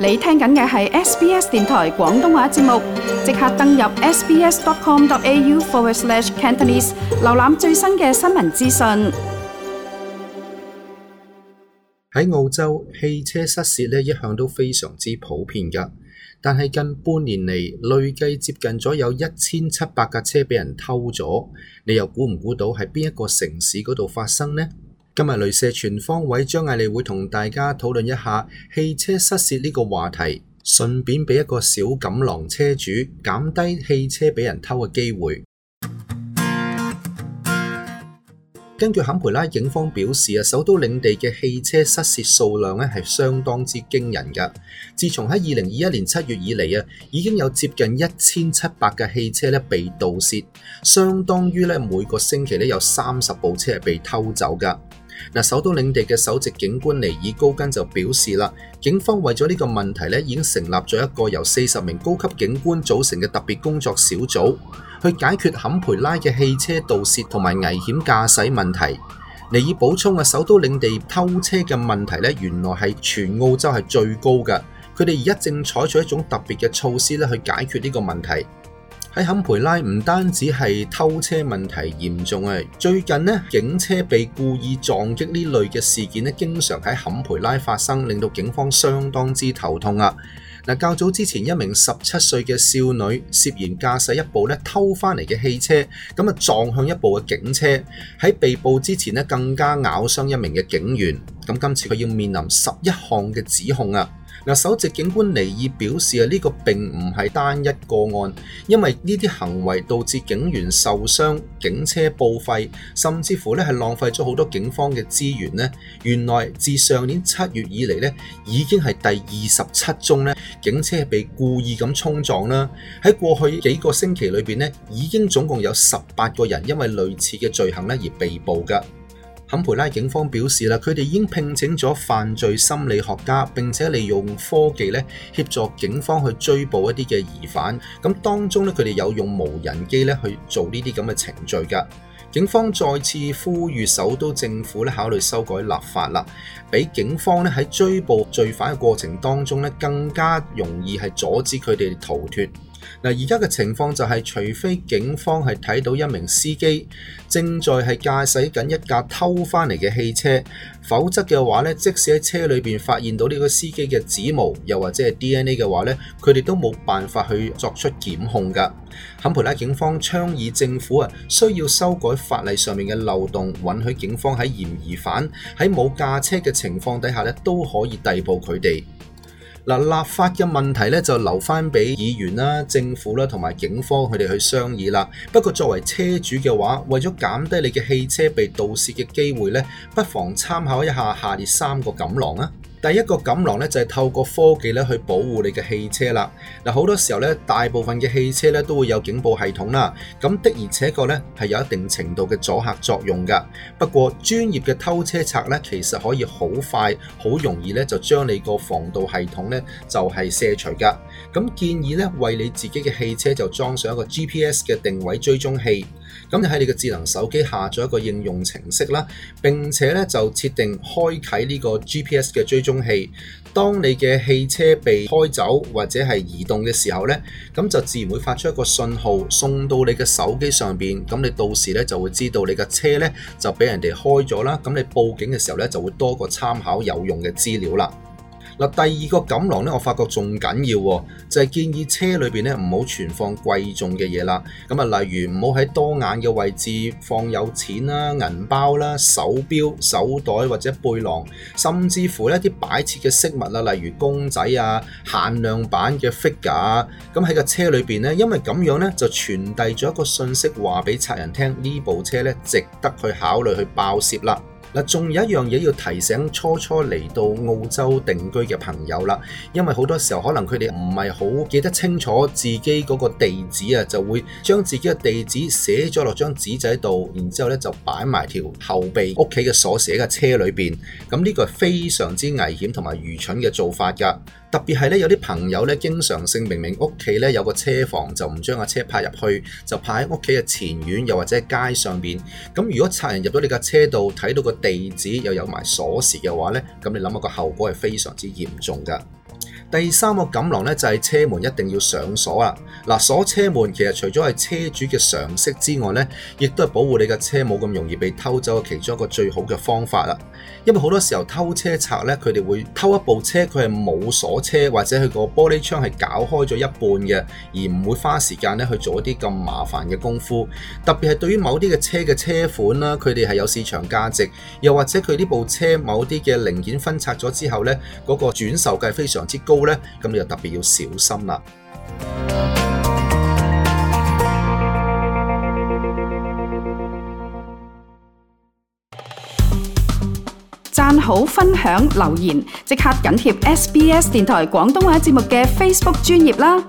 你聽緊嘅係 SBS 電台廣東話節目，即刻登入 sbs.com.au/cantonese，瀏覽最新嘅新聞資訊。喺澳洲，汽車失竊咧一向都非常之普遍㗎，但係近半年嚟累計接近咗有一千七百架車畀人偷咗。你又估唔估到喺邊一個城市嗰度發生呢？今日鐳射全方位張艾利會同大家討論一下汽車失竊呢個話題，順便俾一個小錦囊車主減低汽車俾人偷嘅機會。根據坎培拉警方表示啊，首都領地嘅汽車失竊數量咧係相當之驚人噶。自從喺二零二一年七月以嚟啊，已經有接近一千七百架汽車咧被盜竊，相當於咧每個星期咧有三十部車係被偷走噶。首都領地嘅首席警官尼爾高根就表示啦，警方為咗呢個問題已經成立咗一個由四十名高級警官組成嘅特別工作小組，去解決坎培拉嘅汽車盜竊同埋危險駕駛問題。尼爾補充啊，首都領地偷車嘅問題原來係全澳洲係最高㗎。佢哋而家正採取一種特別嘅措施去解決呢個問題。喺坎培拉唔單止係偷車問題嚴重啊，最近呢警車被故意撞擊呢類嘅事件呢，經常喺坎培拉發生，令到警方相當之頭痛啊！嗱，較早之前，一名十七歲嘅少女涉嫌駕駛一部呢偷翻嚟嘅汽車，咁啊撞向一部嘅警車，喺被捕之前呢更加咬傷一名嘅警員，咁今次佢要面臨十一項嘅指控啊！嗱，首席警官尼爾表示啊，呢個並唔係單一個案，因為呢啲行為導致警員受傷、警車報廢，甚至乎咧係浪費咗好多警方嘅資源咧。原來自上年七月以嚟呢，已經係第二十七宗咧警車被故意咁衝撞啦。喺過去幾個星期裏邊呢，已經總共有十八個人因為類似嘅罪行咧而被捕噶。坎培拉警方表示啦，佢哋已經聘請咗犯罪心理學家，並且利用科技咧協助警方去追捕一啲嘅疑犯。咁當中咧，佢哋有用無人機咧去做呢啲咁嘅程序噶。警方再次呼籲首都政府咧考慮修改立法啦，俾警方咧喺追捕罪犯嘅過程當中咧更加容易係阻止佢哋逃脫。嗱，而家嘅情況就係，除非警方係睇到一名司機正在係駕駛緊一架偷翻嚟嘅汽車，否則嘅話咧，即使喺車裏邊發現到呢個司機嘅指模，又或者係 DNA 嘅話咧，佢哋都冇辦法去作出檢控噶坎培拉警方倡議政府啊，需要修改法例上面嘅漏洞，允許警方喺嫌疑犯喺冇駕車嘅情況底下咧，都可以逮捕佢哋。立法嘅問題呢，就留返畀議員啦，政府啦同埋警方佢哋去商議啦。不過作為車主嘅話，為咗減低你嘅汽車被盜竊嘅機會呢，不妨參考一下下列三個錦囊啊！第一個錦囊咧就係透過科技咧去保護你嘅汽車啦。嗱，好多時候咧，大部分嘅汽車咧都會有警報系統啦。咁的而且確咧係有一定程度嘅阻嚇作用噶。不過專業嘅偷車賊咧其實可以好快好容易咧就將你個防盜系統咧就係卸除噶。咁建議咧為你自己嘅汽車就裝上一個 GPS 嘅定位追蹤器。咁就喺你嘅智能手機下載一個應用程式啦。並且咧就設定開啓呢個 GPS 嘅追蹤。中當你嘅汽車被開走或者係移動嘅時候呢，咁就自然會發出一個信號送到你嘅手機上面，咁你到時呢就會知道你嘅車呢就俾人哋開咗啦。咁你報警嘅時候呢，就會多個參考有用嘅資料啦。第二個錦囊咧，我發覺仲緊要喎，就係建議車裏邊咧唔好存放貴重嘅嘢啦。咁啊，例如唔好喺多眼嘅位置放有錢啦、銀包啦、手錶、手袋或者背囊，甚至乎一啲擺設嘅飾物啦，例如公仔啊、限量版嘅 figure 咁喺個車裏邊咧，因為咁樣咧就傳遞咗一個訊息，話俾賊人聽呢部車咧值得去考慮去爆竊啦。仲有一樣嘢要提醒初初嚟到澳洲定居嘅朋友啦，因為好多時候可能佢哋唔係好記得清楚自己嗰個地址啊，就會將自己嘅地址寫咗落張紙仔度，然之後咧就擺埋條後備屋企嘅鎖匙喺架車裏邊，咁呢個係非常之危險同埋愚蠢嘅做法㗎。特別係咧，有啲朋友咧，經常性明明屋企有個車房，就唔將架車泊入去，就派喺屋企嘅前院，又或者喺街上面。咁如果賊人入到你架車度，睇到個地址又有埋鎖匙嘅話咧，咁你諗下個後果係非常之嚴重㗎。第三個錦囊咧就係車門一定要上鎖啊！嗱，鎖車門其實除咗係車主嘅常識之外咧，亦都係保護你嘅車冇咁容易被偷走嘅其中一個最好嘅方法啦。因為好多時候偷車賊咧，佢哋會偷一部車，佢係冇鎖車或者佢個玻璃窗係搞開咗一半嘅，而唔會花時間咧去做一啲咁麻煩嘅功夫。特別係對於某啲嘅車嘅車款啦，佢哋係有市場價值，又或者佢呢部車某啲嘅零件分拆咗之後咧，嗰個轉售價非常之高。咁你就特別要小心啦！讚好、分享、留言，即刻緊貼 SBS 電台廣東話節目嘅 Facebook 專頁啦！